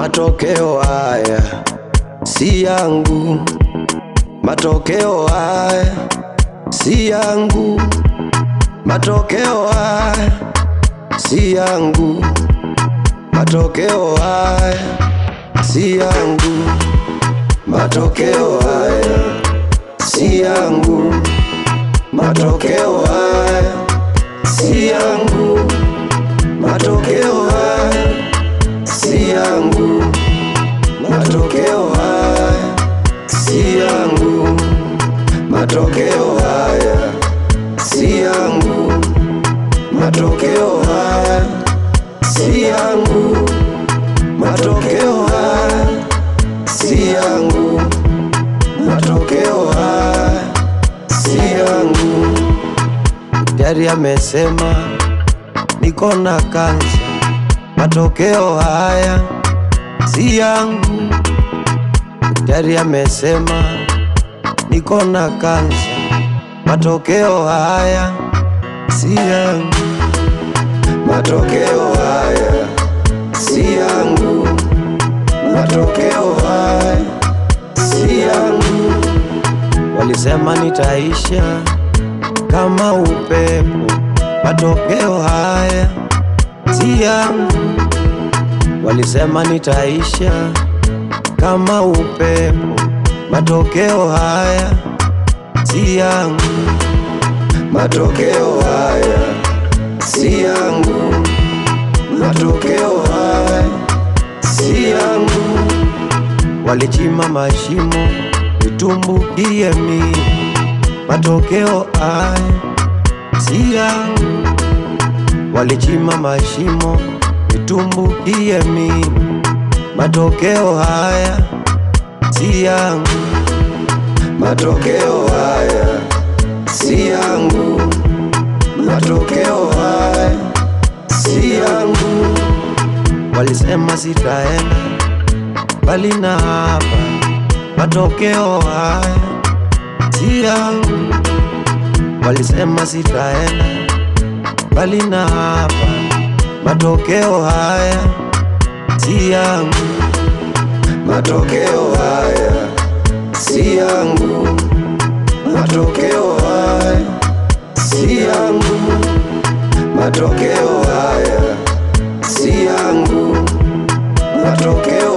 Matokeo haya si yangu, matokeo haya si yangu, matokeo haya si yangu, matokeo haya si yangu, matokeo haya si yangu, matokeo haya si yangu Daktari amesema niko na kansa, matokeo haya si yangu. Daktari amesema niko na kansa, matokeo haya si yangu, matokeo haya si yangu, matokeo haya si yangu. Walisema nitaisha kama upepo. Matokeo haya si yangu, walisema nitaisha kama upepo. Matokeo haya si yangu, matokeo haya si yangu, matokeo haya si yangu, walichima mashimo nitumbukie mimi matokeo haya sia walichima mashimo mashimo nitumbukie mimi. Matokeo haya si yangu, matokeo haya si yangu, matokeo haya si yangu. Walisema sitaenda bali na hapa, matokeo haya kulia, walisema sitaenda bali na hapa, matokeo haya si yangu, matokeo haya si yangu, matokeo haya si yangu, matokeo haya si yangu, matokeo